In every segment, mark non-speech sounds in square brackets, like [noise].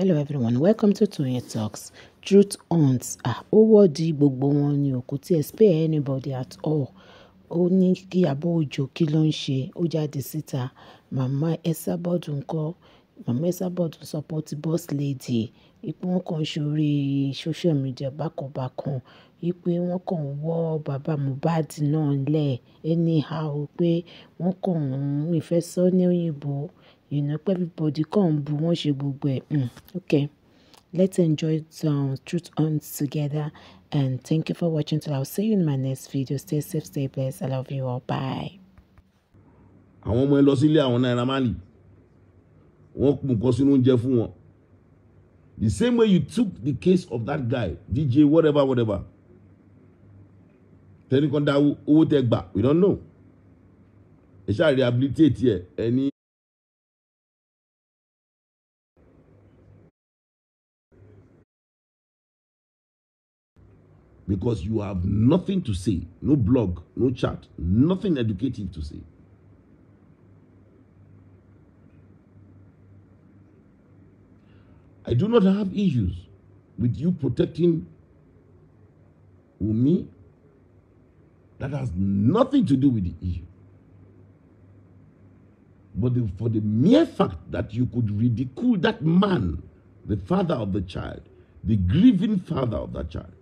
hello everyone welcome to Toyeen Talks truth hunts ah ó wọ́ọ̀dì gbogbo wọn ni ò kò tiẹ̀ spare anybody at all ó ní kí abọ́ òjò kí ló ń ṣe ó jáde síta màmá Esabod ńkọ́ màmá Esabod support boss lady ipò wọn kàn sórí social media bákanbákan ipe wọn kàn ń wọ́ bàbá Mohbad náà lẹ̀ anyhow pé wọ́n kàn ń ìfẹ́ sọ òyìnbó You know, everybody come, wọ́n ṣe gbogbo ẹ̀. Mm, okay. Let's enjoy some truth on together. And thank you for watching till I'll see you in my next video. Stay safe, stay blessed. I love you all. Bye. Àwọn ọmọ ẹ lọ sílé àwọn Naira Marley. Wọ́n kún nǹkan sínú oúnjẹ fún wọn. The same way you took the case of that guy, DJ, whatever, whatever. Tẹ́nìkan dá owó tẹ gbà, we don't know. Ẹ ṣáà rehabilitate ẹ, ẹ ní. because you have nothing to say, no blog, no chat, nothing educative to say. I do not have issues with you protecting me. That has nothing to do with the issue. But the, for the mere fact that you could ridicule that man, the father of the child, the grieving father of that child,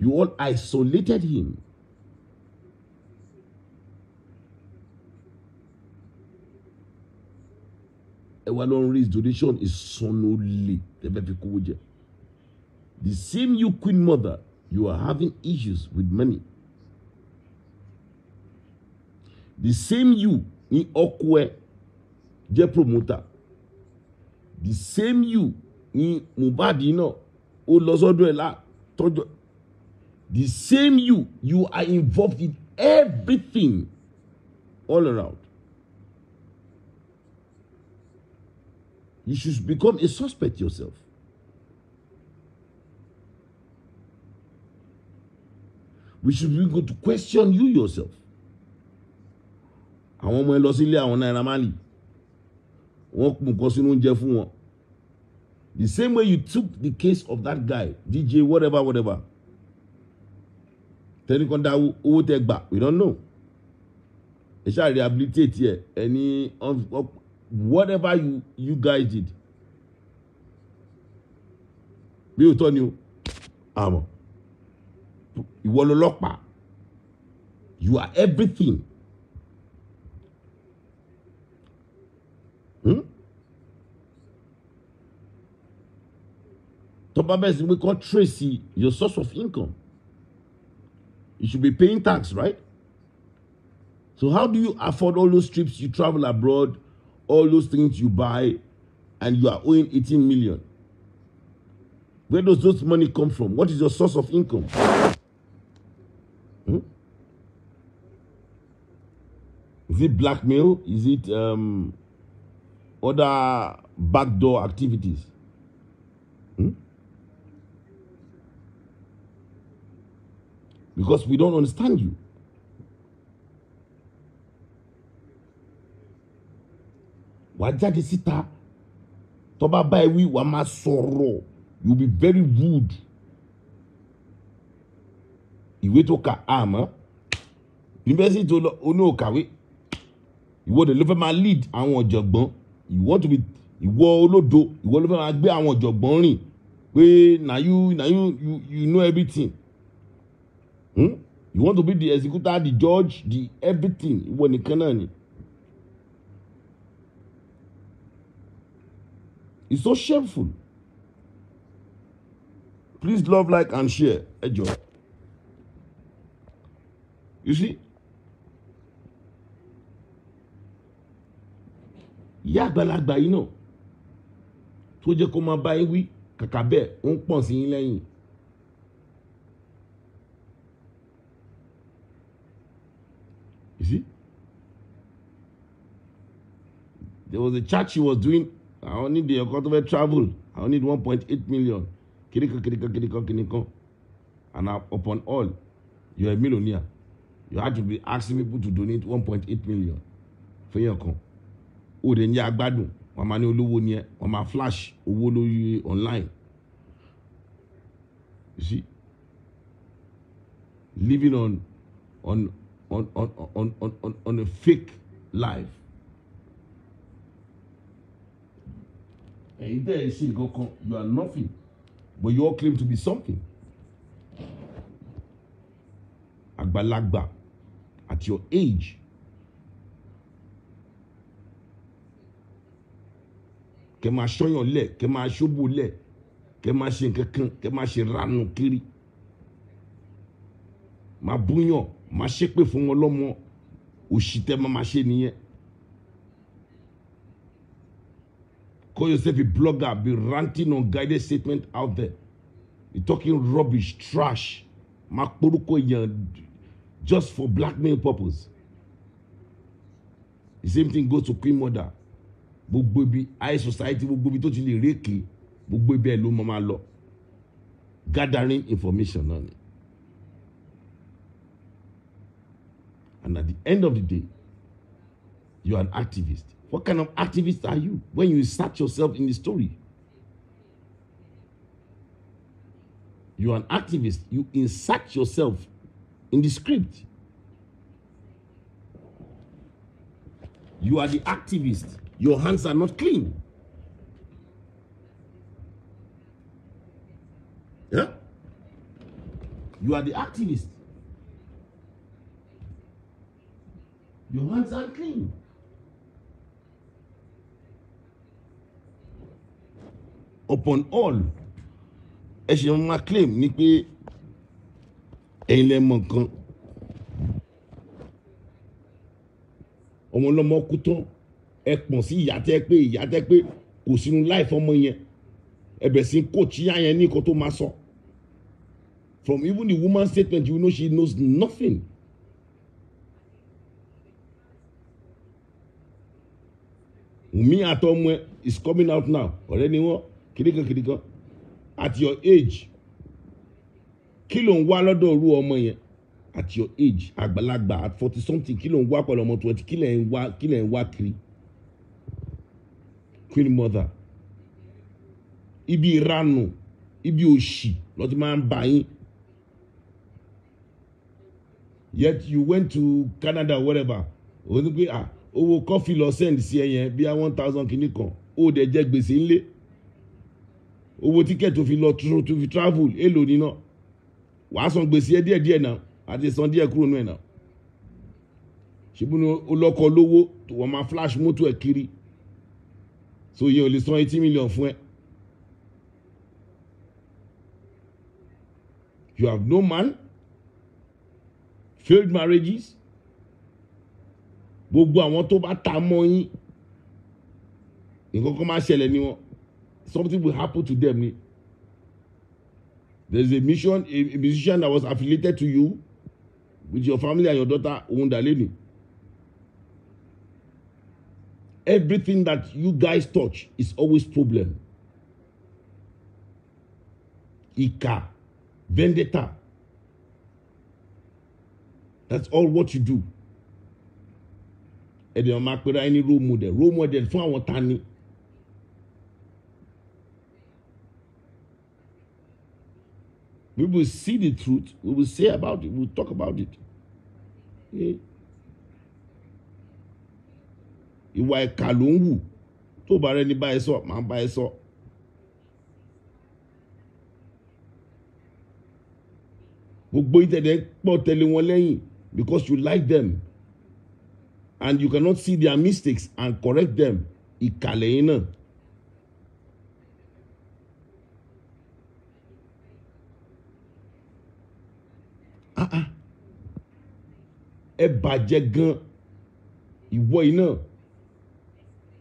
You all isolated him. ẹ wá lọ rí donation ìsọnù lè tẹ́fẹ́ fi kówó jẹ. The same you queen mother you are having issues with money. The same you ní ọkọ ẹ jẹ́ promoter. The same you ní Mohbad náà ó lọ sọ́dọ̀ ẹ̀ lá tọ́jọ́ The same you, you are involved in everything all around. You should become a suspect yourself. We should be going to question you yourself. Àwọn ọmọ ẹ lọ sílé àwọn Naira Marley. Wọ́n kún nǹkan sínú oúnjẹ fún wọn. The same way you took the case of that guy, DJ whatever whatever tẹnikan dá owó tẹ gbà we don't know ẹ ṣáà rehabilitate ẹ ẹni whatever you you guys did bí o tọ́ ni o àmọ́ ìwọ lọ́lọ́pàá you are everything. Hmm? tó bá bẹ́ẹ̀ sí pé kọ́ tracy your source of income. You should be paying tax, right? So how do you afford all those trips you travel abroad, all those things you buy, and you are owing 18 million? Where does those money come from? What is your source of income? Hmm? Is it blackmail? Is it um, other backdoor activities? because we don't understand you. wàá jáde síta tọ́ba báyìí You'll be very rude. Iwe toka ama. University ìwé tó kà You want to live my lead? I want fẹ́ You want to be? You want to do? You want to fẹ́ máa gbé àwọn ọ̀jọ̀gbọ́n rìn pé na you na you you, you know everything. Hmm? You want to be the executor, the judge, the everything. Ìwọ nìkan náà ni. It's so shameful. Please love, like, and share. Enjoy. You see? Ìyá àgbàlagbà yìí náà tó jẹ́ kó máa bá yín wí kàkà You see? There was a church he was doing. I only the Okotobe travel. I only 1.8 million. Kiriko, kiriko, kiriko, kiriko. And upon all, you're a millionaire. You had to be asking people to donate 1.8 million for your account. O de ní agbádùn, wọ́n máa ní olówó ni ẹ, wọ́n máa flash owó lórí online. You see? Living on on on, on, on, on, on a fake life. And there ẹ ṣe you are nothing but you all claim to be something. àgbàlagbà at your age. kẹ́ máa ṣọ́yàn lẹ̀ kẹ́ máa ṣóbù lẹ̀ kẹ́ máa ṣe nǹkan kan kẹ́ máa ṣe ranu kiri máa búyàn máa ṣépè fún wọn lọ́mọ òṣì tẹ́ máa ṣe nìyẹn. Call yourself a blogger, be ranting on guided statement out there. Be talking rubbish, trash. Máa porúkọ èèyàn just for blackmail purpose. The same thing goes to Queen Mother. Gbogbo ibi high society gbogbo ibi tó ti lè rékè gbogbo ibi ẹ̀ ló máa lọ. Gathering information náà ni. And at the end of the day, you're an activist. What kind of activist are you when you insert yourself in the story? You're an activist. You insert yourself in the script. You are the activist. Your hands are not clean. Yeah? You are the activist. Your hands are clean. Upon all, ẹ ṣe máa claim ni pé ẹ̀yin lẹ mọ̀ nǹkan. Ọmọ ọlọ́mọ kú tán ẹ pọ̀n sí ìyá tẹ́ pé ìyá tẹ́ pé kò sínú life ọmọ yẹn ẹbẹ̀ sí kóòtù yá yẹn ní nǹkan tó máa sọ. From even the woman statement you know she knows nothing. Me at home is coming out now Or anyone, wọ́n kìdíkan at your age kilo ló ń wá lọ́dọ̀ at your age agbalagba at forty something kilo wa ń wá pẹ̀lú ọmọ twenty kí lẹ̀ ń wá kí queen mother ibi ìranù ibi oshi. lọ́tí man ń yet you went to Canada whatever. wherever ah owó kọfí lọ send sí ẹ yẹn bíi one thousand kìíní kan ó dẹ̀ jẹ gbèsè ńlẹ̀ owó tíkẹ́ẹ̀tì tó fi lọ tó fi travel èlò nínà wàá san gbèsè ẹ díẹ̀ díẹ̀ náà àti san díẹ̀ kúrò náà náà ṣùgbọ́n olọ́kọ̀ lówó tó wọ́n máa flash mọ́tò ẹ̀ kiri so yẹ ò lè san eighty million fún ẹ. you have no man failed marriages gbogbo àwọn tó bá ta mọ́ yín nǹkan kan máa ṣẹlẹ̀ ní wọn something will happen to them ni there is a mission a, a musician that was affiliated to you with your family and your daughter ohun daleni everything that you guys touch is always problem Ika, vendetta that's all what you do ẹ̀dẹ̀ wọn máa pera ẹni role model role model fún àwọn tani. We will see the truth. We will say about it. We will talk about it. Eh? Ìwà ẹ̀ka ló ń wù tó bá rẹ ní báyìí sọ máa ń báyìí sọ. Gbogbo ìtẹ̀lẹ́ pọ̀ tẹ̀lé wọn lẹ́yìn because you like them and you cannot see their mistakes and correct them ìkàlẹ̀ Ah ah. ẹ bàjẹ́ gan Iwo yìí náà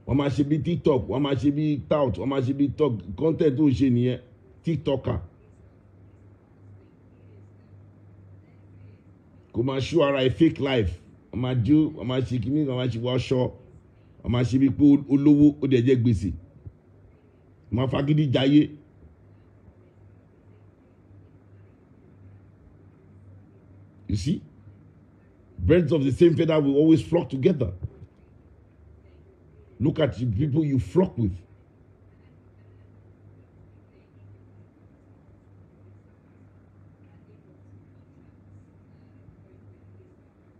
wọ́n máa ṣe bí tiktok wọ́n máa ṣe bí tout wọ́n máa ṣe bí talk content tó ń ṣe nìyẹn tiktoker. kò máa ṣú ara ẹ fake life wọ́n máa jó wọ́n máa ṣe kíní wọ́n máa ṣe wọ́ṣọ wọ́n máa ṣe bí pé olówó ó dẹ̀ jẹ́ gbèsè wọ́n máa fagídí jayé. You see, birds of the same feather will always flock together. Look at the people you flock with.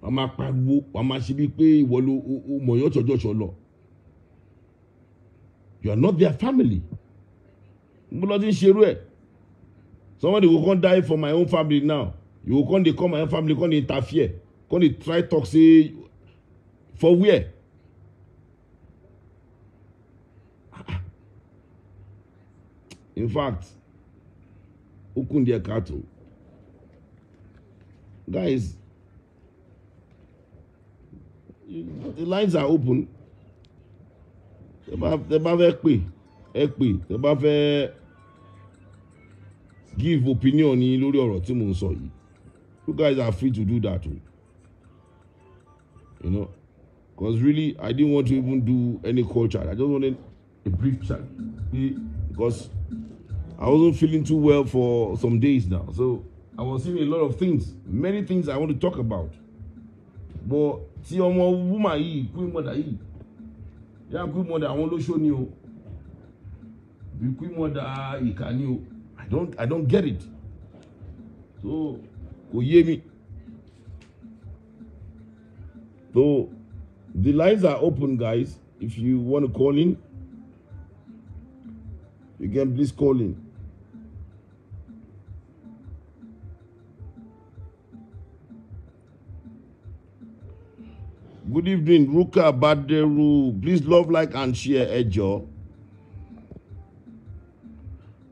wọ́n máa pariwo wọ́n máa ṣe bíi pé ìwọ ló mọ̀yán tọjọ́ sọ lọ you are not their family gbọ́dọ̀ ló ti ń ṣerú ẹ̀ somebody go come die for my own family now you go come dey come my own family come dey interfere come dey try talk say for where in fact okun there kato guys the lines are open tẹ bá fẹ́ pè ẹ pè tẹ bá fẹ́ give opinion yín lórí ọ̀rọ̀ tí mò ń sọ you guys are free to do that o you know because really I didn't want to even do any call chat I just wanted a brief chat because I wasn't feeling too well for some days now so I was seeing a lot of things many things I want to talk about bọ̀ tí ọmọ wúmà yìí queen mother yìí yá queen mother àwọn olóṣó ni o bí queen mother ìkà ni o i don't i don't get it so kò yé mi so the lines are open guys if you want to call in you can please call in. good evening ruka baderu please love like and share ẹjọ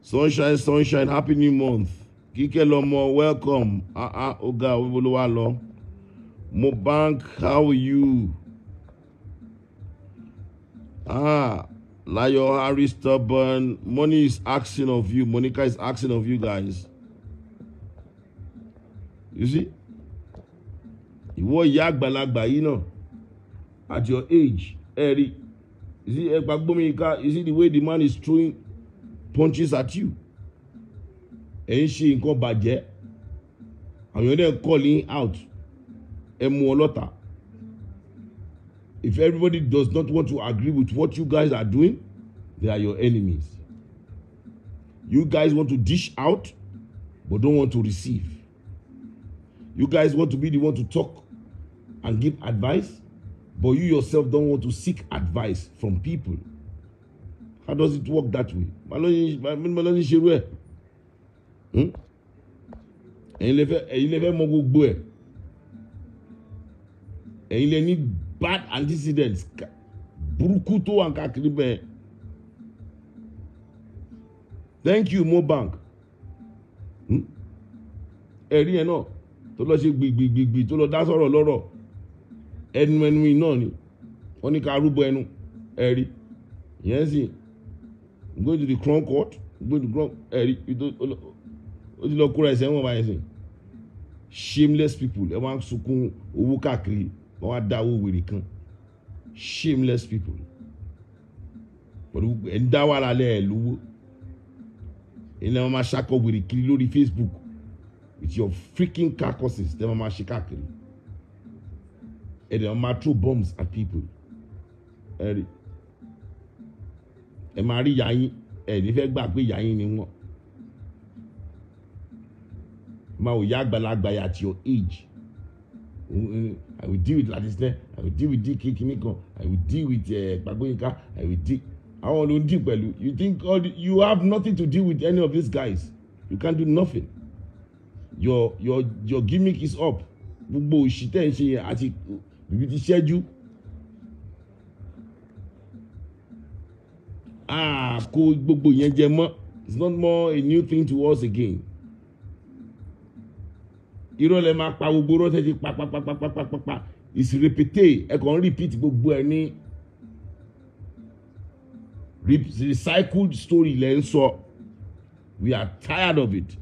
sunshine sunshine happy new month kíkẹ́ lọ́mọ welcome ah ah ọ̀gá olúwa Mo Bank, how are you ah layo harry stubborn money is asking of you monica is asking of you guys you see ìwọ ìyá àgbàlagbà yìí náà at your age ẹ̀rí is it ẹ̀pà gbómìnira is it the way the man is throwing punches at you ẹ̀ ń ṣe nǹkan bàjẹ́ àwọn èèyàn dẹ̀ calling out ẹ̀ mú ọlọ́ta if everybody does not want to agree with what you guys are doing they are your enemies you guys want to dish out but don't want to receive you guys want to be the one to talk and give advice but you yourself don't want to seek advice from people. How does it work that way? Malọ́ni ṣerú hmm? ẹ̀. Ẹ̀yin lè fẹ́ bad antecedents burúkú tó wà káàkiri bẹ́ẹ̀. Thank you Mobank. Hmm? Ẹ̀rí ẹ̀ náà tó lọ ṣe gbìgbìgbìgbì tó lọ dá sọ̀rọ̀ ẹnu ẹnu yìí náà ni wọ́n ní ká rúbọ ẹnu ẹ̀rí yẹn sì go to the crown court go to the crown ẹ̀rí ó ti lọ kóra ẹsẹ̀ wọn báyìí sìn shameless people ẹ wá ń sunkún owó káàkiri wọ́n wá dá owó wèrè kan shameless people pẹ̀lú ẹ̀ ń dá wàhálà lẹ́ ẹ̀ lówó ẹ̀ ní wọ́n máa ṣakọ̀ wèrè kiri lórí Facebook with your freaking carcasses tẹ́ wọ́n máa ṣe káàkiri ɛde ɔma throw bombs at people ɛri ɛ máa rí yanyin ɛ nífẹ̀ẹ́ gbà pé ni wọ́n máa wò ya àgbàlagbà yà at your age eh, i will deal with ladisne i will deal with di kikini kan i will deal with gbagbóyinka eh, uh, i will deal àwọn ló ń deal pẹ̀lú you think all the, you have nothing to deal with any of these guys you can do nothing your your your gimmick is up gbogbo òṣì tẹ̀ ń ṣe yẹn ibi ti ṣẹ́jú. a ah, kó gbogbo yẹn jẹ mọ́ it's not more a new thing to us again. irọ́ lẹ máa pa gbogbo rọ́ọ̀tẹ́ ti pa pa pa pa pa pa pa pa is repeated ẹ kàn ń repeat gbogbo ẹ ní recycled story lẹ́ ń sọ we are tired of it.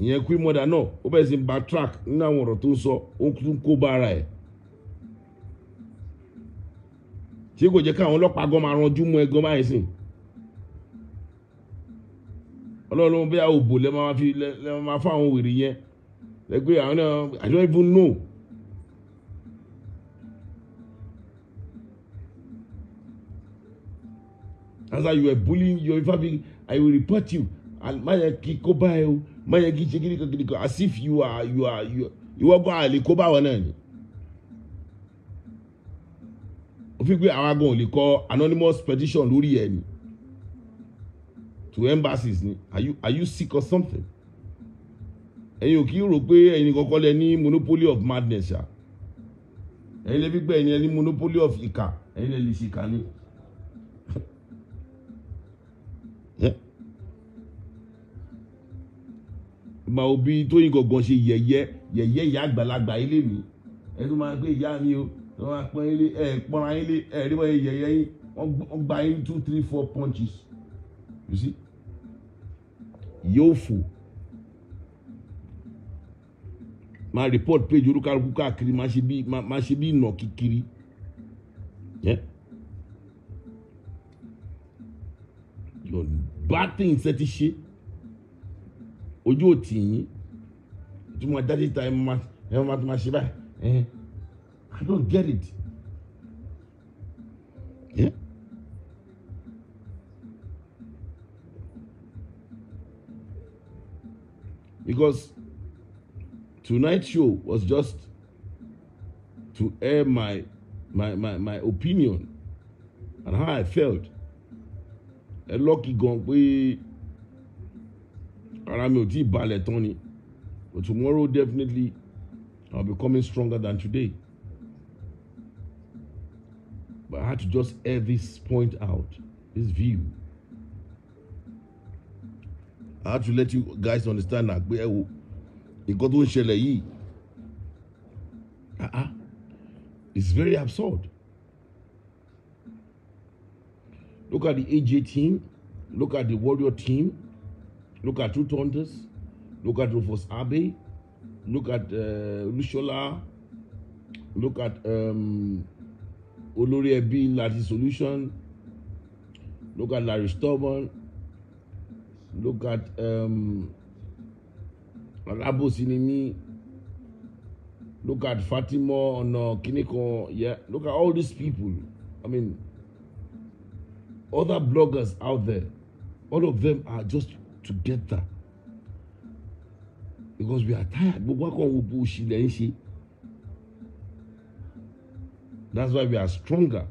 ìyẹn queen mother náà ó bẹ̀rẹ̀ sí ń backtrack nínú àwọn ọ̀rọ̀ tó ń sọ ó tún kó bá ara ẹ̀ ṣé kò jẹ́ káwọn ọlọ́pàá gan máa ranjú mú ẹ gan báyìí sìn ọlọ́run bí àwọn òbò lẹ́ máa fi lẹ́ máa fún àwọn wèrè yẹn lẹ́gbẹ́ àwọn náà I don't even know. as I you were bullying your Ifa bi I will report you and my yẹ kí mayagi ṣe kíríkọ kíríkọ as if you are you are you are ìwọ gan àlè kó báwọn náà ni òfin pé àwa gan ò lè anonymous petition lórí ẹ ni to embassies ni are you are you sick or something ẹ̀yin ò kí ń rò pé ẹ̀yin kọ́kọ́ lẹ ní monopoly of madness ṣá ẹ̀yin lè fi gbẹ ẹ̀yin ní monopoly of ìkà ẹ̀yin lẹ lè ṣe ìkà ni. [laughs] màá bí tóyìn gangan ṣe yẹ̀yẹ́ yẹ̀yẹ́ ìyá àgbàlagbà ilé mi ẹ tó máa gbé ìyá mi o tó máa pọ́n ilé ẹ pọ́nra ilé ẹ rí wọ́n yẹ̀yẹ́ yín wọ́n gba yín two three four punches you see yóò fò máa report page olúkálukú káàkiri máa ṣe bí máa ṣe bí ìnà kíkiri yeah? your bad thing ẹ ti ṣe ojú ò tì yín tí mo dájú ta ẹ máa ẹ máa tó máa ṣe báyìí I don't get it. Yeah? Because tonight show was just to air my my my, my opinion and how I felt. ẹ lọ́kì gan pé ara mi ò tí ì balẹ̀ tán ni but tomorrow definitely I'll be coming stronger than today but I had to just air this point out this view I had to let you guys understand na pé ẹ wo nǹkan tó ń ṣẹlẹ̀ yìí ah ah it's very absurd look at the AJ team look at the Warrior team. Look at Rutondes. Look at Rufus Abbey. Look at uh, Lushola. Look at um, Olori Ebi Lati Solution. Look at Larry Stubborn. Look at um, Alabo Sinimi. Look at Fatima on Ono Kiniko. Yeah, look at all these people. I mean, other bloggers out there, all of them are just together because we are tired gbogbo akọ̀wé bó ṣì lẹ́ Then ṣe that's why we are stronger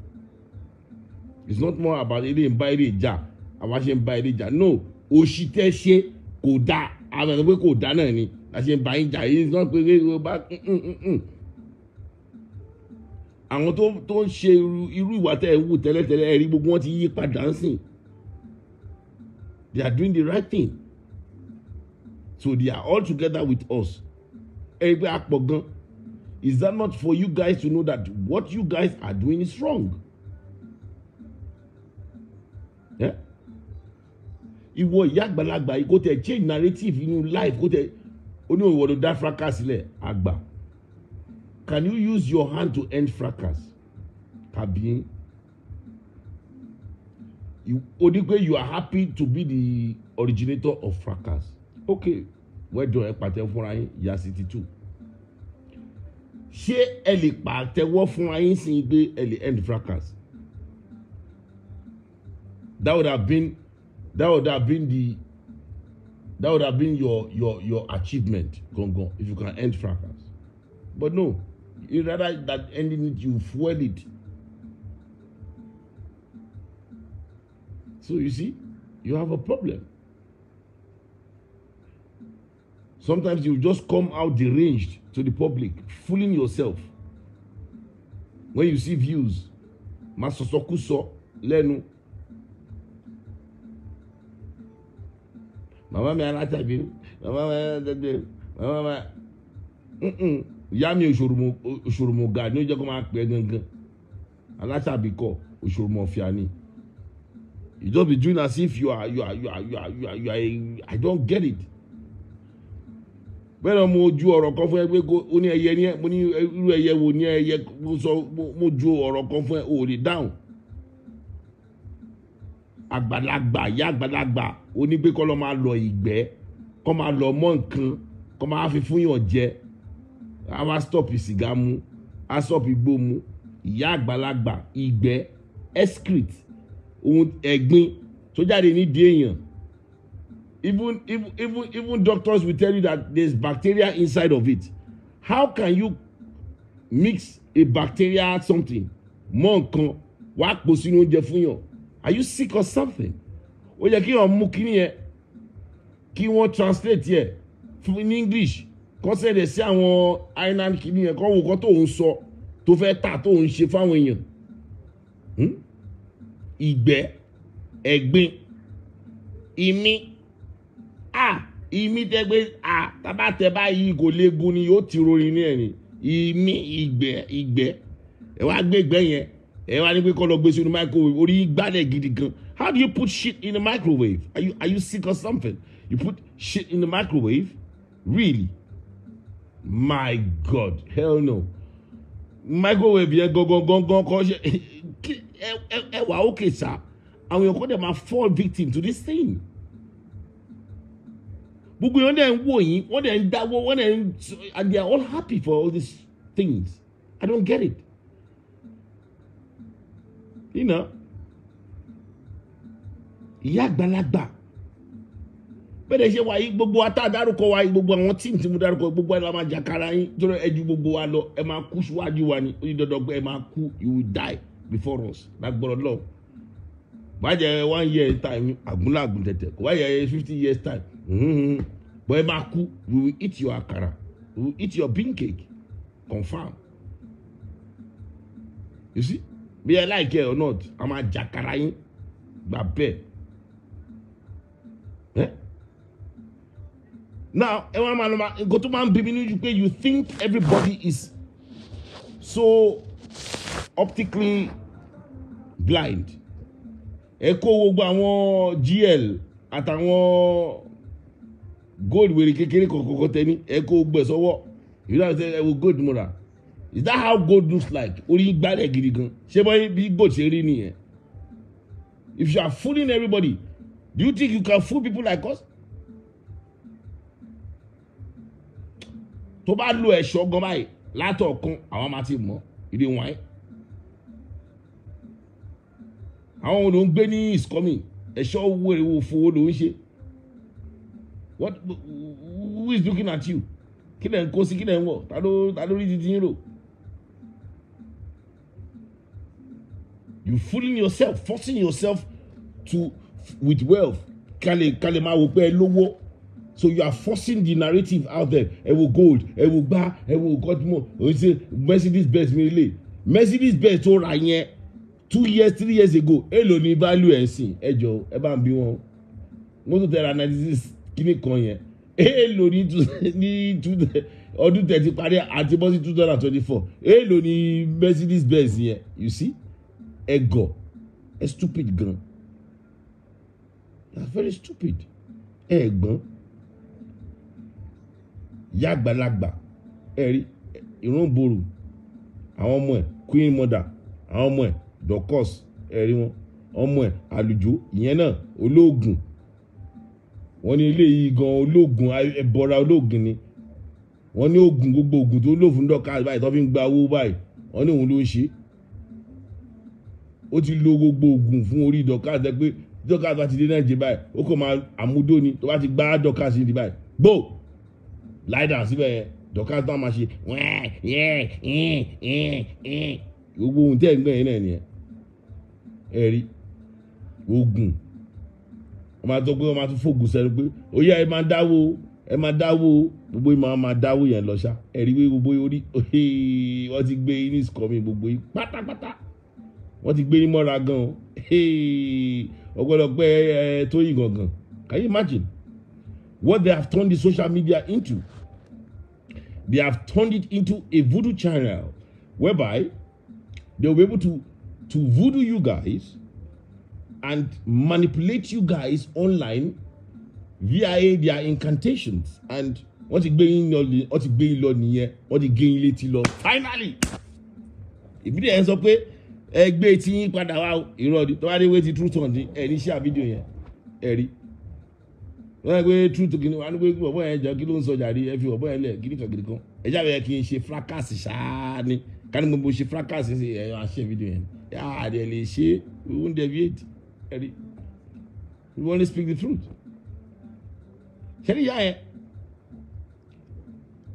it's not more about ilé ń bá ilé ìjà àwa ṣe ń bá ilé ìjà no òṣì she ṣe kò dáa àwọn ẹ̀rọ pé kò dáa náà ni la ṣe ń bá yín jà yìí ní sọ́n pé ó bá mm, mm, mm, àwọn tó ń ṣe irú ìwà tẹ́ ẹ̀ ń wù tẹ́lẹ̀tẹ́lẹ̀ ẹ̀rí gbogbo wọn ti yí padà ń sìn They are doing the right thing. So they are all together with us. Is that not for you guys to know that what you guys are doing is wrong? Yeah? Ìwọ ìyá àgbàlagbà yìí go tẹ̀ change narrative inú life go tẹ̀ oní òwò ló fracas sílẹ̀ àgbà. Can you use your hand to end fracas? Tàbí onígbé you are happy to be the originator of fracas okay wẹ́jọ ẹ pàtẹ fúnra yín ya sixty two ṣé ẹ lè pàtẹ́wọ́ fúnra yín sí i pé ẹ lè end fracas that would have been that would have been the that would have been your your your achievement gangan if you can end fracas but no you rather that ending it you fuel it So you see, you have a problem. Sometimes you just come out deranged to the public, fooling yourself. When you see views, masosokuso, lenu. Mama mi bi, mama mi alatabi, mama mi. Mm-mm. Ìyá mi òṣòròmọ̀gà ni ó jẹ́ kó máa pẹ́ gangan. Alátàbí kọ̀ òṣòròmọ̀fìà ni. You just be doing as if you are you are you are you are you are, you are a, I don't get it. Bẹ́ẹ̀ náà mo ju ọ̀rọ̀ kan fún ẹ pé ó ní ẹyẹ ní ẹ mo ní irú ẹyẹ wo ní ẹyẹ mo sọ mo ju ọ̀rọ̀ kan fún ẹ ò lè dáhùn. Àgbàlagbà ìyá àgbàlagbà ó ní pé kọ́ lọ́ máa lọ ìgbẹ́ kọ́ máa lọ mọ́ nǹkan kọ́ máa fi fún yàn jẹ á wá stop sìgá mu á stop igbó mu ìyá àgbàlagbà ìgbẹ́ excrete ohun ẹ̀gbin tó jáde nídìí èèyàn even even even even doctors will tell you that there is bacteria inside of it how can you mix a bacteria something mọ nǹkan wàá pò sínú oúnjẹ fún yàn are you sick or something ó yẹ kí wọn mú kíní yẹn kí wọn translate yẹ in english kọ́ sẹ́dẹ̀ sí àwọn island kíní yẹn kọ́ wò kọ́ tó ń sọ tó fẹ́ tà tó ń ṣe fáwọn èèyàn. Hmm? ìgbẹ́ ẹ̀gbin ìmí à ìmí tẹ́gbẹ́ à tábàtẹ́ báyìí kò lè ni yóò ti rorin ní ẹ̀yìn ìmí ìgbẹ́ ìgbẹ́ ẹ wá gbé ìgbẹ́ yẹn ẹ wá ní pé kọ́ lọ gbé sínú microwave orí gbálẹ̀ gidi gan how do you put shit in the microwave are you are you sick or something you put shit in the microwave really my god hell no microwave yẹn gangan gangan kọ́ ṣe. [laughs] ẹwà òkè sá àwọn èèyàn kọ́ dẹ̀ máa fall victim to this thing gbogbo yẹn dẹ̀ ń wò yín wọ́n dẹ̀ ń dáwọ́ wọ́n dẹ̀ ń and they are all happy for all these things I don't get it you know ìyá àgbàlagbà bẹ́ẹ̀ ṣe wà yìí gbogbo ata dárúkọ wa yìí gbogbo àwọn tíìmù tí mo dárúkọ gbogbo ẹ̀ la máa jàkara yín tó ẹ ju gbogbo wa lọ ẹ máa kú síwájú wa ni ó dandan pé ẹ máa kú you will die before us lágbọ́rọ̀ lọ́wọ́ bá jẹ one year time Agunla àgùntẹ̀tẹ̀ Why bá jẹ fifty years time Hmm. ẹ máa we will eat your akara we will eat your bean cake Confirm. you see be bí like láìkẹ́ or not I'm a máa jàkàrà Eh? now ẹ wá máa lọ máa you think everybody is so optically blind ẹ kó gbogbo àwọn gl àtàwọn gold wèrè kékeré kọ̀ọ̀kọ̀ọ̀kan tẹ́ni ẹ kó gbẹ sọ́wọ́ you know say ẹ wo gold mo is that how gold looks like orí gbálẹ̀ gidi gan ṣé bọ́ bí gold ṣe rí nìyẹn if you are fooling everybody do you think you can fool people like us. tó bá lo ẹ̀ṣọ́ gan báyìí látọ̀ọ̀kan àwọn máa ti mọ̀ ìdí wọ̀nyí. àwọn ló ń gbé ní is coming ẹ̀ṣọ́ owó èrè wo fowó ló ń ṣe what who is looking at you kí lẹ̀ ń kó sí kí lẹ̀ ń wọ̀ ta ló rí titi ń rò you fooling yourself forcing yourself to with wealth kálẹ̀ kálẹ̀ máa wò pé ẹ lówó so you are forcing the narrative out there ẹ wo gold ẹ wo gbá ẹ wo godmo òun ṣe mercedes benz mi lè mercedes benz tó ra yẹn two years three years ago èlò ní value ẹ̀ sìn ẹ jọ ẹ bá ń bí wọn mọ́tò tẹ̀ra ninety six kíní kan yẹn èlò ní two [laughs] ní two ọdún tẹ̀tí parí àti bọ́sí two thousand twenty four èlò ní mercedes benz yẹn you see ẹ gọ̀ ẹ stupid gan you very stupid ẹ gbọ́n ìyá àgbàlagbà ẹ rí ìrún borò àwọn ọmọ ẹ queen mother àwọn ọmọ ẹ dorcas ẹ̀rí wọn ọmọ ẹ̀ àlùjọ ìyẹn náà olóògùn wọ́n ní ilé yìí gan olóògùn ẹ̀bọra olóògùn ni wọ́n ní oògùn gbogbo oògùn tó lò fún dorcas báyìí tó fi ń gba owó báyìí wọ́n ní òun ló ń ṣe ó ti lo gbogbo oògùn fún orí dorcas dẹ́ pé dorcas bá ti dé náà jẹ báyìí ó kò máa àmúdó ni tó bá ti gbá dorcas ní báyìí gbó láìdá síbẹ̀ yẹn dorcas máa ṣe wẹ́ẹ̀ yẹ́ẹ̀ gbogbo ohun tẹ́ ẹ̀ ń gbẹ̀yìn náà nìyẹn ẹ̀rí ogun wọ́n máa tó pé wọ́n máa tún fògùn sẹ́nu pé ó yá ẹ máa dáwó ẹ máa dáwó gbogbo yìí máa máa dáwó yẹn lọ ṣá ẹ̀rí pé gbogbo yìí orí wọ́n ti gbé ní sùkọ́mì gbogbo yìí pátápátá wọ́n ti gbé ní mọ́ra gan ọgbọ́dọ̀ pé tó yìí gangan can you imagine what they have turned the social media into they have turned it into a voodoo channel whereby they will be able to to voodoo you guys and manipulate you guys online via their incantations and wọ́n ti gbé yín lọ wọ́n ti gbé yín lọ nìyẹn wọ́n ti gbé yín létí lọ finally ìbílẹ̀ yẹn sọ pé ẹ gbé tí yín padà wá irọ́ ni tọ́wádé wé ti true tone ni ẹ ní ṣíà fídíò yẹn ẹ rí wọ́n yẹ pé true tone kìíní wà á ní pé kí bọ̀bọ̀ yẹn jọ kí ló ń sọjà rí ẹ fi bọ̀bọ̀ yẹn lẹ̀ kí ní kankiri kan ẹ jáwé yẹ kí n ṣe fracas ṣáá ni ká ní mo ṣe fracas ṣe ẹ yọ àṣẹ fídíò yẹn ni ààrẹ lè ṣe we won't deviate ẹ̀rí we only speak the truth ṣẹ́ni ìyá yẹn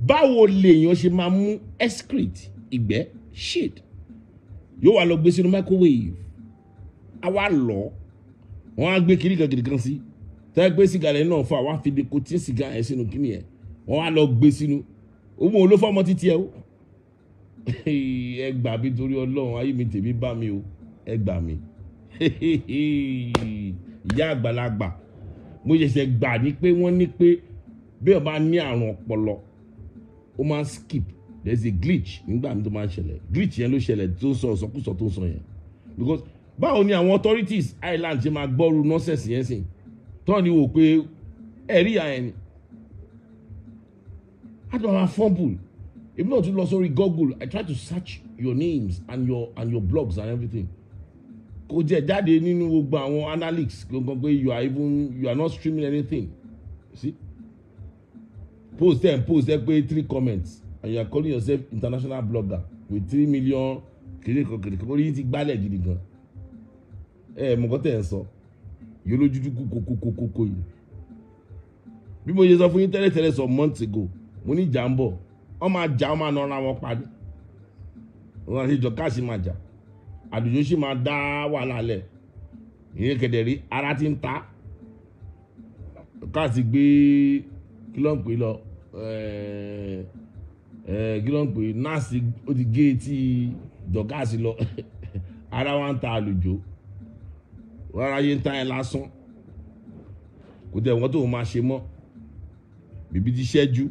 báwo lèèyàn ṣe máa mú excrete ìgbẹ́ shit yóò wá lọ gbé sínú microwave a wá lọ wọn á gbé kiri gàgìrì kan sí tẹ́ gbé sìgá rẹ̀ náà fún àwa fi de kò tí sìgá yẹn sínú kíni yẹn wọn á lọ gbé sínú òun ò ló fọmọ títí ẹ o ẹ gbà mí torí ọlọ́run ayé mi tèmi bá mi o ẹ gbà mí ìyá àgbàlagbà mo ṣẹ̀ṣẹ̀ gbà ní pé wọ́n ní pé bí o bá ní àrùn ọpọlọ ó máa ń skip there is a glitch nígbà mi tó máa ń ṣẹlẹ̀ glitch yẹn ló ṣẹlẹ̀ tó ń sọ ọ̀sọ́kùsọ tó ń sọ yẹn because báwo ni àwọn authorities island ṣe máa gbọ́rú nọ́sẹ̀sì yẹn sìn tọ́ ni wò pé ẹ̀rí ìyá yẹn ni máa fọ́ǹpù if not you lost sorry google i try to search your names and your and your blogs and everything kò jẹ Ninu, nínú gbogbo àwọn analytics gbogbo pé you are even you are not streaming anything see post ten post ẹ pé three comments and you are calling yourself international blogger with three million kìrìkọ kìrìkọ orí ti gbálẹ̀ gidi gan ẹ mọ̀kọ́ tẹ̀ ń sọ yóò lójú dúkú kókókókó yìí bí mo ṣe sọ fún yín tẹ́lẹ̀tẹ́lẹ̀ some months ago mo ní ìjà ń bọ̀ wọ́n máa jà wọ́n máa nọra wọn parí wọ́n máa ṣe jọ káàsì máa jà àdùjọ sì máa dá wàhálà lẹ̀ ìyẹn kẹ̀dẹ̀ rí ara ti ń ta káàsì gbé kí ló ń pè lọ kí nọ́ọ̀sì ó ti gé etí jọ̀káàsì lọ [laughs] ara wa ń ta àlùjọ rárá yé ń ta ẹ lásán kò tẹ̀ wọ́n tó máa ṣe mọ́ bíbí ti ṣẹ́jú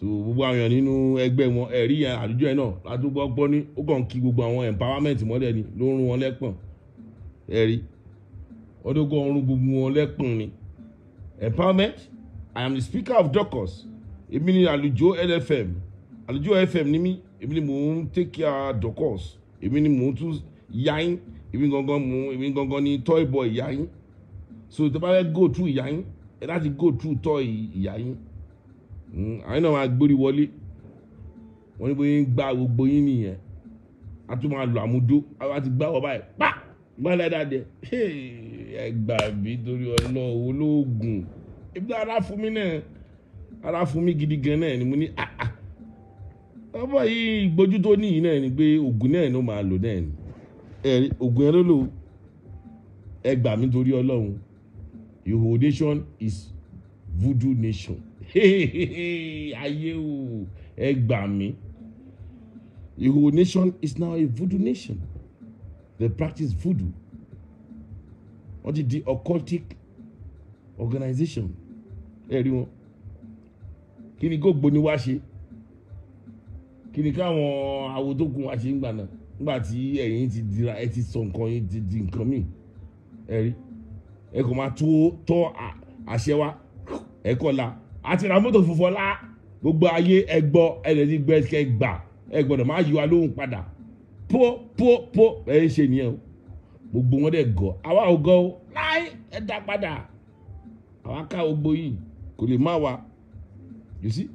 so gbogbo àwọn èèyàn nínú ẹgbẹ́ wọn ẹ̀rí yẹn àdújọ yẹn náà látúgbọ́ gbọ́ ní ó kàn kí gbogbo àwọn empowerment mọ́lẹ̀ ni ló ń rún wọn lẹ́pọ̀n ẹ̀rí ọdún ń rún gbogbo wọn lẹ́pọ̀n ni empowerment I am the speaker of Dorcas èmi ni àlùjọ LFM àlùjọ FM ni mí èmi ni mò ń take care Dorcas èmi ni mò ń tún yáyín èmi gangan mò ń èmi gangan ni toy boy yáyín so tó bá fẹ́ go through yáyín ẹ láti go through toy yáyín. Hmm, àyìn náà máa gbórí wọlé wọ́n ní bóyá ń gbá gbogbo yín nìyẹn a tún máa lọ àmúdó àwa ti gbá wọ́n báyìí pa gbọ́n dáadáa dẹ ẹ gbà mí torí ọ̀nà olóògùn ibi ara fún mi náà ara fún mi gidi gan náà ni mo ní àà ah, ah. ọmọ yìí ìgbójú tó níyì náà ni pé ògùn náà ló máa lò náà ni ògùn yẹn ló lò ẹ gbà mí torí ọlọ́run your whole nation is voodoo nation [laughs] ayé o ẹ gbà mí. Igbo nation is now a voodoo nation. They practice voodoo. Wọ́n ti di occultic organization. Ẹ rí wọn. Kí ni gbogbo ni wá ṣe? Kí ni káwọn awo tó gun wá ṣe ń náà? Nígbà tí ẹ̀yin ti dira ẹ ti sọ nǹkan yín ti di nǹkan míì. Ẹ rí. Ẹ kò máa tó tọ́ àṣẹ wa. Ẹ kọ́ la àti ra mọ́tò Fọ́lá gbogbo ayé ẹgbọ́ ẹlẹ́ni gbẹ́sẹ̀ gbà ẹ gbọ́dọ̀ má yí wa lóhùn padà pó pó pó ẹ ń ṣe nìyẹn o gbogbo wọn dẹ̀ gọ̀ àwa ò gọ̀ o láì ẹ dá padà àwa ká ogbo yìí kò lè má wa you see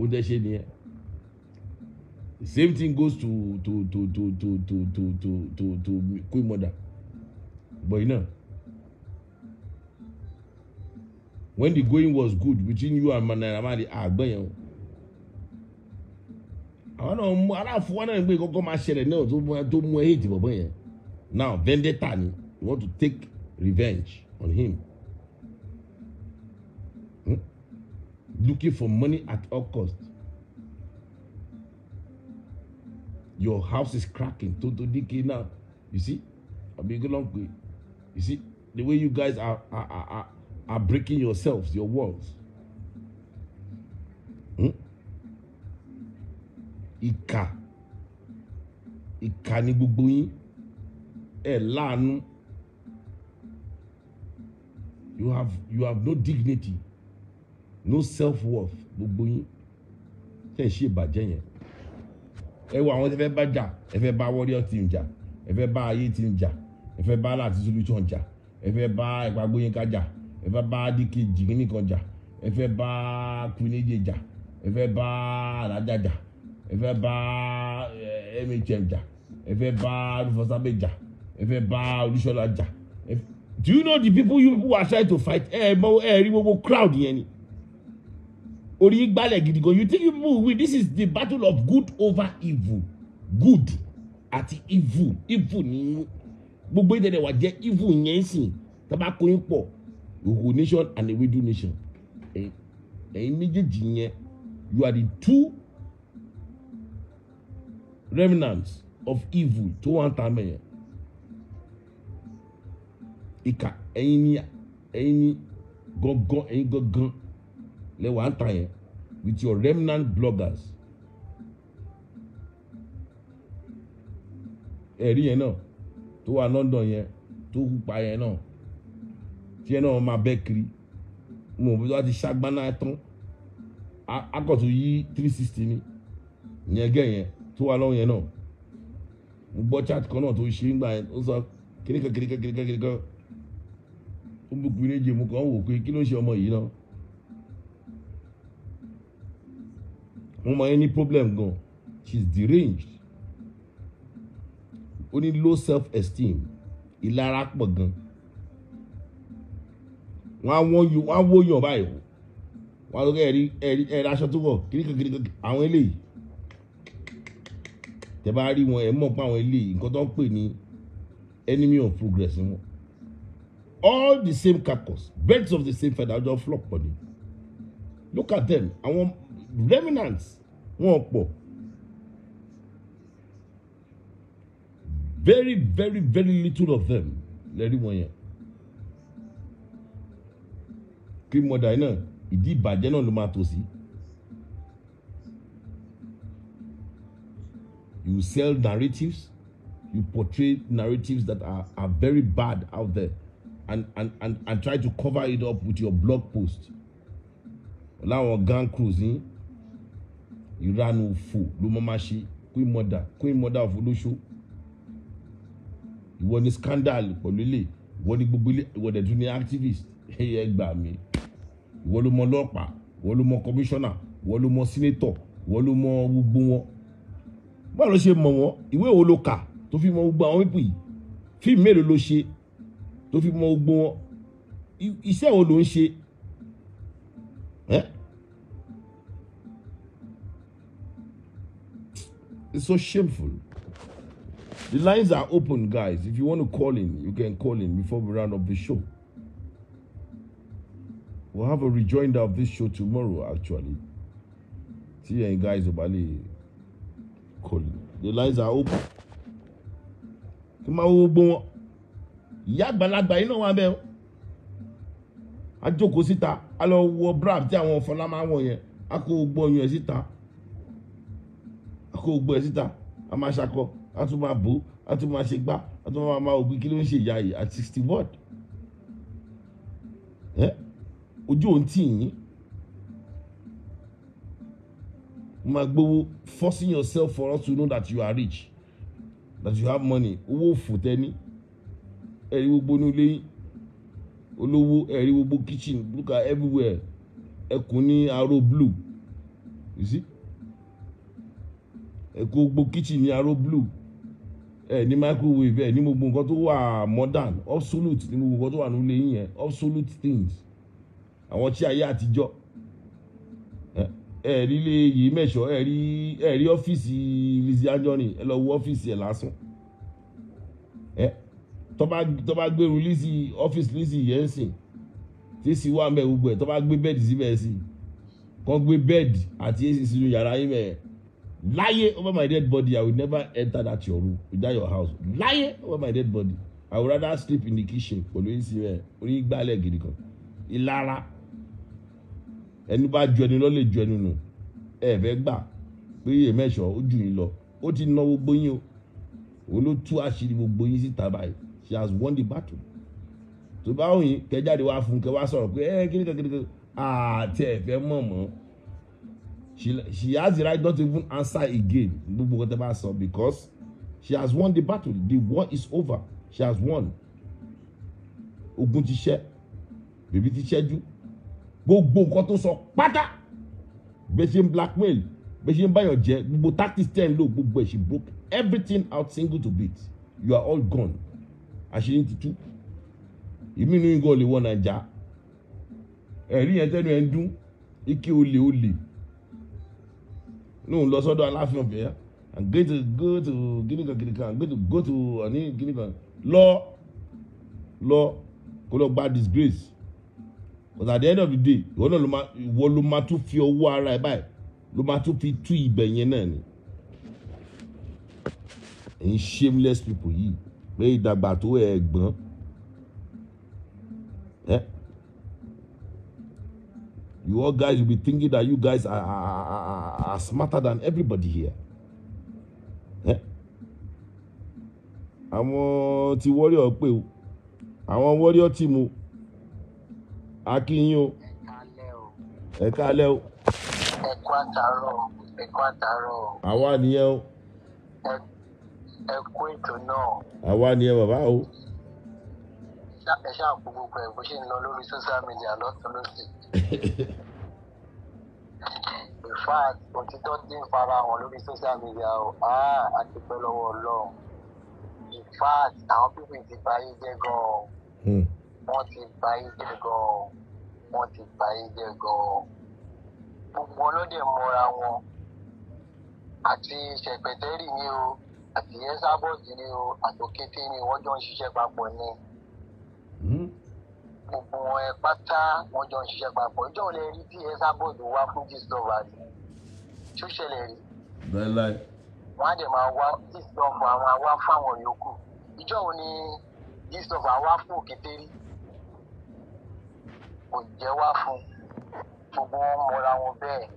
ó dẹ̀ ṣe nìyẹn the same thing goes to to to to to to to to to queen mother boy náà. when the going was good between you and Naira Marley àgbẹ̀ yẹn o àwọn náà mú aláfọ wọn náà gbé kọ́kọ́ máa ṣẹlẹ̀ náà tó mú tó mú ẹyẹ ìdìbò bọ́ yẹn now vendetta ni you want to take revenge on him hmm? looking for money at all cost your house is cracking tonto dike now you see abigilongbe you see the way you guys are are are. are are breaking yourselves, your walls. Hmm? Ìkà. Ìkà ni gbogbo yín. Ẹ láàánú. You have you have no dignity, no self-worth gbogbo yín. Ṣé ẹ ṣe ìbàjẹ́ yẹn? Ẹ wo àwọn tí fẹ́ bá jà, ẹ fẹ́ bá warrior team jà, ẹ fẹ́ bá ayé team jà, ẹ fẹ́ bá láti solution jà, ẹ fẹ́ bá ìpàgbóyínká jà ẹ fẹ́ bá adíkejì kíní kan jà ẹ fẹ́ bá kúnlẹ́jẹ jà ẹ fẹ́ bá alájà jà ẹ fẹ́ bá mhm jà ẹ fẹ́ bá do you know the people you who are trying to fight ẹ mọ ẹ rí gbogbo crowd yẹn ni orí gbalẹ̀ gidi you think you win this is the battle of good over evil good ati evil evil ni gbogbo ìdẹ̀dẹ̀ wà jẹ́ evil yẹn sìn tá a bá Ugu nation and the widow nation. Ẹ̀yin méjèèjì yẹn you are the two remnants of evil To wà time ta mẹ́yẹn. Ìkà ẹ̀yin go ẹ̀yin ni go ẹ̀yin gangan lẹ́wà ń ta with your remnant bloggers. Ẹ̀rí yẹn To tó wà London yẹn tó kú pa yẹn tí ẹ náà máa bẹ́ kiri mo bí wọ́n ti ṣàgbáná tán akọ̀tù yí three sixty ni yẹn gẹ̀ yẹn tó wà lọ́wọ́ yẹn náà mo gbọ́ chat kan náà tó ṣe ń gbà yẹn ó sọ kirikan kirikan kirikan kirikan ó bí kú méje mo kàn wò pé kí ló ń ṣe ọmọ yìí náà mo mọ yẹn ní problem gan she is deranged ó ní low self esteem ìlara pọ̀ gan-an wọ́n á wọ́n yọ wọ́n á wó yàn báyìí wọ́n á lọ kẹ́ ẹ̀rí ẹ̀rí ẹ̀rí aṣọ tó wọ̀ kíríkan kíríkan àwọn eléyìí tẹ́ bá rí wọn ẹ̀ mọ̀ pé àwọn eléyìí nǹkan tó ń pè ní enemy of progress ni wọn all the same carcass birds of the same feather just flock pọ̀ ni look at them àwọn remnants wọn pọ̀ very very very little of them lẹ́rí wọn yẹn. cream mọ́dà yìí náà ìdí ìbàjẹ́ náà ló máa tò sí. You sell narratives, you portray narratives that are, are very bad out there and, and, and, and try to cover it up with your blog post. Láwọn gang crews ní ìranu fò ló mọ́ máa ṣe queen mother queen mother of olóṣó ìwọ ni scandal pẹ̀lú ilé ìwọ ni gbogbo ilé ìwọ dẹ̀ tún ni activist ẹ̀yẹ [laughs] gbà mí wọ́n ló mọ ọlọ́pàá wọ́n ló mọ kọmíṣánná wọ́n ló mọ sínétọ̀ wọ́n ló mọ gbogbo wọn báwo ló ṣe mọ̀ wọ́n ìwé wo ló kà tó fi mọ gbogbo àwọn pípì fíìmù mélòó ló ṣe tó fi mọ gbogbo wọn iṣẹ́ wo ló ń ṣe it's so shameful. The lines are open, guys. If you want to call in, you can call in before we round up the show we'll have a rejoinder of this show tomorrow actually see you guys Bali, cool the lines are open kí máa wo gbó wọn ìyá àgbàlagbà yìí náà wà bẹ́ẹ̀ a jókòó síta a lọ wọ brab tí àwọn ọ̀fọ̀lá máa wọ̀ yẹn a kò gbọ́ ọyàn ẹ̀ síta a kò gbọ́ ẹ̀ síta a máa ṣakọ a tún máa bò a tún máa ṣe gbá a tún máa máa ògbí kí ló ń ṣe ìyá yìí at sixty word. Yeah ojú òun tì yín máa gbowó forcing yourself for us to know that you are rich that you have money owó òfò tẹ́ni ẹ̀rí gbogbo nílé olówó ẹ̀rí gbogbo kitchen Look at everywhere ẹkùn ní aró blue you see ẹkùn gbogbo kitchen ní aró blue ẹ ní microwave ẹ ní gbogbo nǹkan tó wà modern absolute ní gbogbo nǹkan tó wà nílé yín yẹn absolute things àwọn tí ayé àtijọ́ ẹ rí ilé yìí mẹ́sọ̀ ẹ rí ẹ rí ọ́fíìsì Lizzy Anjorin ẹ lọ wo ọ́fíìsì ẹ̀ lásán ẹ tó bá gbèrú Lizzy ọ́fíìsì Lizzy yẹn sìn tí sì wà mẹ́ gbogbo ẹ̀ tó bá gbé bẹ́ẹ̀dì síbẹ̀ sí kàn gbé bẹ́ẹ̀dì àti èsì sínú yàrá yín mẹ́ẹ̀ láyé over my dead body I will never enter that your room without your house láyé over my dead body I would rather sleep in the kitchen pẹ̀lú èsì mẹ́ẹ̀ orí gbálẹ̀ gidi kan ìlara ẹni bá ju ẹni lọ lè ẹni nù ẹ fẹ́ gbà pé iye mẹ́sàn ó jù yín lọ ó ti ná gbogbo yín o òun ló tú àṣírí gbogbo yín síta báyìí she has won the battle tó bá òyìn kẹjáde wá fún kẹ wá sọ̀rọ̀ pé ẹ kí ni kankan kankan àti ẹ fẹ́ mọ̀ mọ́ she she has the right not to even answer again gbogbo kọtẹ bá sọ because she has won the battle the war is over she has won ogun ti ṣẹ́ bèbí ti ṣẹ́jú gbogbo nǹkan tó sọ pátá bẹ́ẹ̀ ṣe ń blackmail bẹ́ẹ̀ ṣe ń báyọ̀ jẹ́ gbogbo tactics ten lò gbogbo ẹ̀ ṣe broke everything out single to beat you are all gone àṣírí ti tú èmi inú yín gan olè wọ́n nàjà ẹ̀rí yẹn tẹ́nu ẹ̀ ń dún ike olè olè lóun lọ sọ́dọ̀ aláàfin ọ̀fẹ́ yá and go to go to gíníkan gíníkan and go to go to ọ̀ní gíníkan lọ lọ kó lọ gba disgrace but at the end of the day ìwọ náà ló máa ìwọ ló máa tún fi ọwọ́ ara ẹ̀ báyìí ló máa tún fi tú ibẹ̀ yẹn náà ni ẹ̀yin shameless people yìí pé ìdàgbà tó ẹ̀ gbọ́n ẹ́ you all guys will be thinking that you guys are, are, are, are smarter than everybody here. Eh? àwọn ti warrior pé o àwọn warrior team o akínyìn o ẹ kálẹ́ o. ẹ kú àtàárọ̀ ẹ kú àtàárọ̀. àwa nìyẹn o. ẹ kú ètò náà. àwa nìyẹn bàbá o. ẹ ṣáà kú gbogbo ẹ bó ṣe ń lọ lórí social media lọ́sọ̀ọ́ lọ́sẹ̀. [laughs] in fact òtítọ́ ti ń fara hàn lórí social media o a ti pẹ́ lọ́wọ́ ọlọ́run in fact àwọn pípìn ti báyé jẹ́ gan-an. Hmm wọ́n ti gan o wọ́n gan gbogbo ọlọ́dẹ mọ́ra wọn àti ṣẹ̀pẹ̀tẹ́rì ni o àti ẹ́sàbọ̀dì ni o àtòkété ni wọ́n jọ ń ṣiṣẹ́ papọ̀ ni hmm. gbogbo wọn ẹ pátá wọ́n jọ ń ṣiṣẹ́ papọ̀ ìjọ lè rí tí ẹ́sàbọ̀dì wá fún discovery tó ṣẹlẹ̀ rí wọ́n á dẹ̀ máa wá discovery àwọn awá fáwọn yòókù ìjọ wo ni discovery awá fún òkété rí kò jẹ́ wá fún gbogbo wọn mọra wọn bẹ́ẹ̀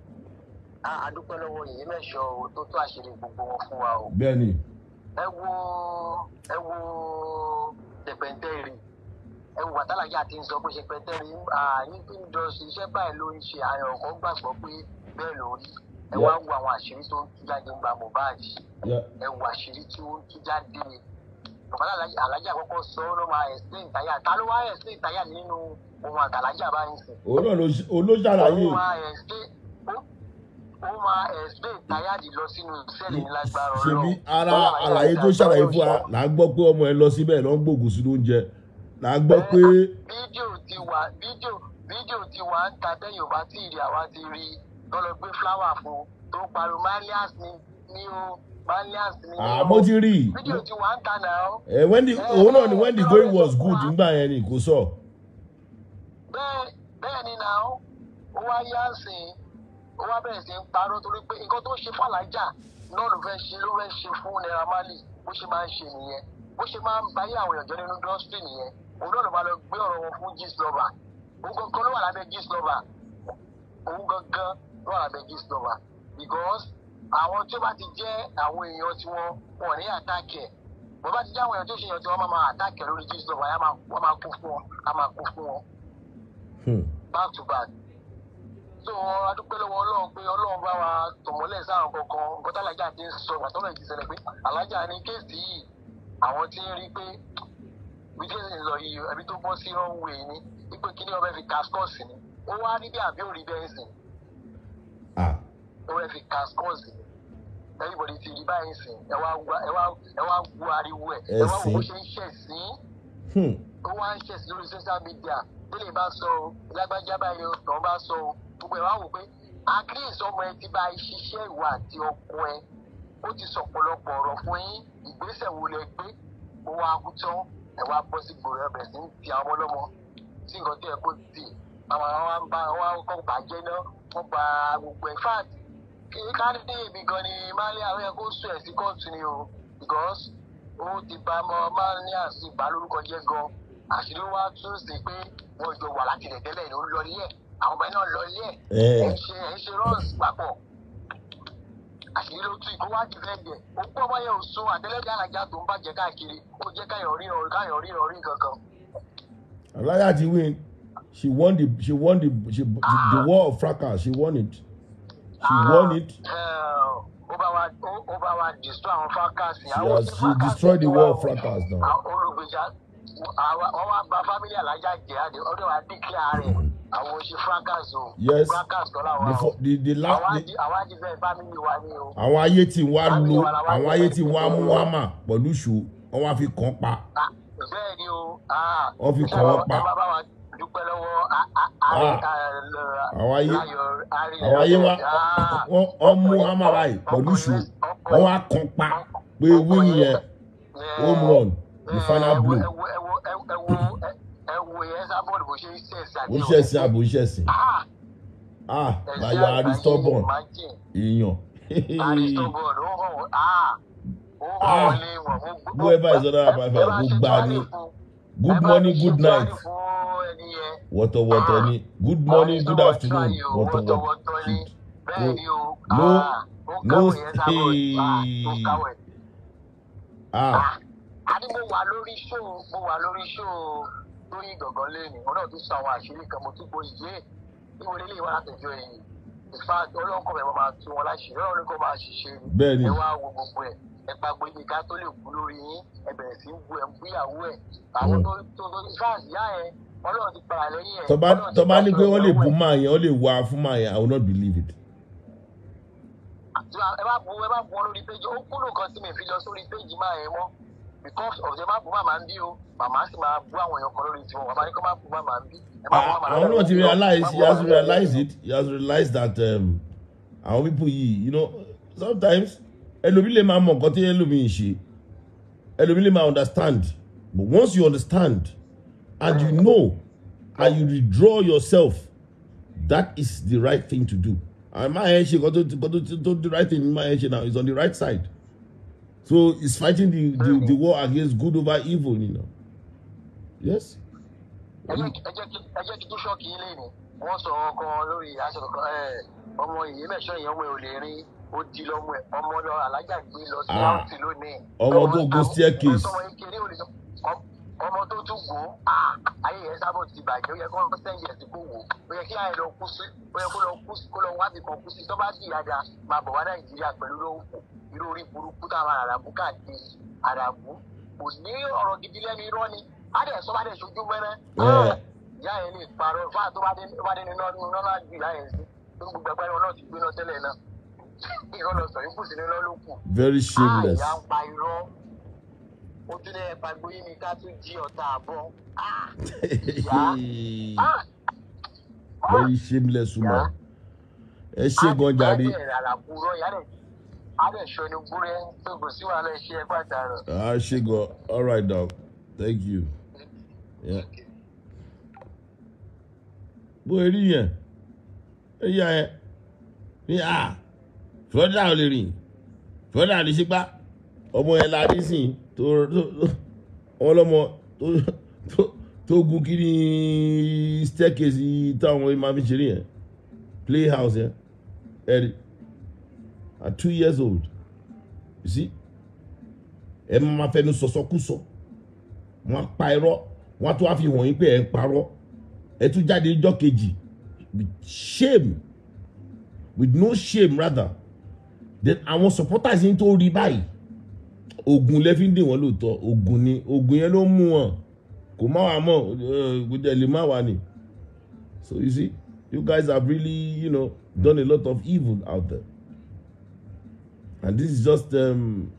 a dúpẹ́ lọ́wọ́ yìí mẹ́sọ̀ tó tó àṣírí gbogbo wọn fún wa o. bẹ́ẹ̀ni. ẹ wo ẹ wo tẹpẹtẹrì ẹ wo wàtálàjà ti ń sọ pé tẹpẹtẹrì ní kí n jọ ṣiṣẹ́ báyìí ló ń ṣe àyàn ọkọ gbàgbọ́ pé bẹ́ẹ̀ ló rí ẹ wá wo àwọn àṣírí tó ń tú jáde ń gba Mohbad ẹ wo àṣírí tí ó ń tú jáde ọ̀pọ̀lọpọ̀ alájà àkọ́kọ́ sọ ọ́ ló máa ẹ̀sìn ìtayà ta ló wá ẹ̀sìn ìtayà nínú. òun àtàlájà bá ń ara àlàyé tó ṣàlàyé fún wa là ń pé ọmọ ẹ lọ síbẹ̀ lọ gbòògùn sínú oúnjẹ là ń gbọ́ pé. fídíò ti wà fídíò fídíò ti wà ń ta tẹ́yìn ò bá tó marias ni ni o marias ni àmọ́ ti rí. fídíò ti wà ń ta náà. ẹ eh, when eh, òun náà ni when going was good yẹn ni kò sọ. So. bẹ́ẹ̀ bẹ́ẹ̀ ni náà ó wá yá sí i ó wá bẹ̀rẹ̀ sí í parọ́ torí pé nǹkan tó ṣe fàlájà náà ló fẹ́ ṣe ló fẹ́ ṣe fún Naira Marley bó ṣe máa ń ṣe nìyẹn bó ṣe máa ń báyé àwọn èèyàn jẹ nínú indọ́sítì nìyẹn òun náà ló máa lọ gbé ọ̀rọ̀ wọn fún gist lover òun gangan ló wà lábẹ́ gist lover òun gangan ló wà lábẹ́ gist lover because àwọn tí ó bá ti jẹ́ àwọn èèyàn tí wọ́n wọ̀n ní àtàkẹ́ bó bá ti jẹ́ àwọn èèyàn tó ṣe èèyàn tí wọ́n máa àtàkẹ́ lórí gist lover wọ́n máa kó fún wọn Hmm. back to back so adúpẹ́ lọ́wọ́ ọlọ́run pé ọlọ́run bá wa tọ̀mọ́lẹ̀ sáwọn kankan nǹkan tálájà ti ń sọ pàtọ́lọ̀ yìí ti ṣẹlẹ̀ pé alájà ní kéèsì yìí àwọn ti ń rí pé bíjẹ́sì lọ yìí ẹbí tó bọ́ sí rọ́wé ni wípé kí ọbẹ̀ fi kaskọ́ọ̀sì ni ó wá rí àbí òrí bẹ́ẹ̀ sìn ọbẹ̀ fi kaskọ́ọ̀sì ni everybody ti rí báyìí sìn ẹ wá wu ariwo ẹ ẹ wá wo bó ṣe ń ṣẹ̀ sí hmm. ó wá ń ṣẹ̀ sí lórí social media ó lè bá sọ o lágbájá báyìí o tàn bá sọ o gbogbo ẹ̀ wá wò pé at ọmọ ẹ ti bá ṣiṣẹ́ ìwà àti ọkọ ẹ ó ti sọ̀pọ̀lọpọ̀ ọ̀rọ̀ fún yín ìgbésẹ̀ wo lẹ gbé mo wá ẹ wá bọ́ sí gbòòrò ẹ sí ti àwọn ọmọlọ́mọ tí nǹkan tó yẹ kó tì àwọn àwọn bá wọn kọ́ bàjẹ́ náà wọ́n gba gbogbo ẹ̀ fat kí káńdé mi gan ni máríà ó yẹ sùn ẹ̀ sí kóòtù ni o because ó ti bá ọmọ máríà sí ìbálòrúkọ jẹ́ gan-an àṣírí wa tún ṣe pé wọn jọ wà láti tẹ́lẹ̀ ló ń lọ ilé àwọn ọmọ náà lọ ilé ẹ̀ ń eh. ń ṣe rọ́ọ̀sì papọ̀ àṣírí ló tún ìkó wá lẹ́gbẹ̀ẹ́ ó pọ̀ báyẹ̀ ò sún àtẹ́lẹ́dẹ́ alájà tó ń bàjẹ́ káàkiri ó jẹ́ káyọ̀ rí káyọ̀ rí ọ̀rí kankan. aláyà ti win she won the she won the she, ah. the war of fracas she won it she ah. won it. Uh, over over destroy our fracas. She has she destroyed the war of fracas now wọ́n wá gba family alájà jẹ́ àdé ọdún wa dìkíà rẹ̀ àwọn oṣù fracas o fracas kọ́ làwọn o àwọn àjẹsẹ̀ family wa ni o. àwọn ayé tí wàá lo àwọn ayé tí wàá mú wá mà pẹ̀lú ṣù wọ́n wá fi kàn pa. Ah, bẹ́ẹ̀ ni o ah, wọ́n fi kàn wọ́n pa dúpẹ́ lọ́wọ́ ah, ayé àwọn ayé wa wọ́n mú amara yìí pẹ̀lú ṣù wọ́n wá kàn pa pé wíyìn yẹn home run the final blow. ó ṣe ẹsìn àbò ó ṣe ah báyọ̀ aristobon èèyàn. aristobon ó hàn ah ó hàn ní ìwọ̀n. whoever is under my fire good morning good night wọ̀tọ̀wọ̀tọ̀ ni good morning good afternoon wọ̀tọ̀wọ̀tọ̀ ni no no stay ah àní mo wà lórí ṣóò mo wà lórí ṣóò lórí gbọ̀ngàn lẹ́nu òun náà tún sọ àwọn àṣírí kan mo tún kó ìyé bí wọlé lè àtẹ̀jọ́ yìí ìfà ọlọ́kọ̀ rẹ̀ máa tún wọn láṣìírí ọlọ́run kò máa ṣiṣẹ́ ẹ wá wo gbogbo ẹ̀ ẹ pa gbogbo ìka tó lè kú lórí yín ẹ bẹ̀rẹ̀ sí í wo ẹ̀ ń gbéyàwó ẹ̀ àwọn tó tó tó sáà sí yá ẹ̀ ọlọ́run ti para lẹ́yìn ẹ̀. tó bá ní pé wọ́n lè bú máa yẹn wọ́n lè wá fún máa yẹn I will not believe it because of the mabu mama ń o màmá sì máa bú àwọn èèyàn kan lórí tiwọn màmá ní mabu mama ń bí. àwọn ti realize he has realized it he has realized that àwọn um, people yìí you know sometimes ẹlòmí lè máa mọ nǹkan tí ẹlòmí ń ṣe ẹlòmí lè máa understand but once you understand and you know and you withdraw yourself that is the right thing to do and my head ṣe kó tó tó the right thing my head ṣe now is on the right side So it's fighting the, the, mm-hmm. the war against good over evil, you know. Yes? ẹ ọmọ tó go staircase. ọmọ tó tún gbó ayé yẹn sábà ti bàjẹ́ ó yẹ kó wọ́n sẹ́yìn ẹ̀sìn kó wò ó yẹ kí ayé lọ kú sí ó yẹ kó lọ wá bí kan kú sí tó bá sì yáda máa bọ̀ wá Nàìjíríà pẹ̀lú lóhùn irú orí burúkú táwọn àràbù káàkiri àràbù kò ní ọ̀rọ̀ gidi lẹ́nu irọ́ ni á dẹ̀ sọ́ bá dẹ̀ sojú mẹ́rẹ́ ah, ìyá yẹn lè parọ́ fáà tó bá dé nínú ọdún náà láti ìlà yẹn sí tó gbogbo ẹgbẹ́ wọn náà ti gbéná tẹ́lẹ̀ náà [laughs] irọ́ lọ ikú sí nílọ́ ló very shameless. àyà ah, ń pa irọ́ ó tún lè pa gbóyè mi ká tún jí ọ̀tá àbọ̀ ah, ìyá. [laughs] very shameless woman. ẹ ṣe gan jàre. Adesoni Gure tó Ah, ṣe gan. All right dog. Thank you. Yeah. Bó yeah. yẹn, eyi ayẹ, ní a, Florida ò lè rìn, Florida lè ṣípá, ọmọ yẹn to to. sìn tó to to to kiri staircase táwọn máa fi ṣeré yẹn, playhouse yẹn, ẹ̀rí. Yeah. At two years old you see ẹ máa fẹnu sọsọkúsọ wọn pa irọ́ wọn tún wá fi hàn yín pé ẹ ń parọ́ ẹ tún jáde níjọ́ with shame with no shame rather then àwọn supporters yín to rí báyìí ogun lẹ́fí ń dè wọ́n lóòótọ́ ogun ni ogun yẹn ló mú wọn kò má wà go gbọdọ̀ lè má wà ní so you see you guys have really you know done a lot of evil out there. And this is just um,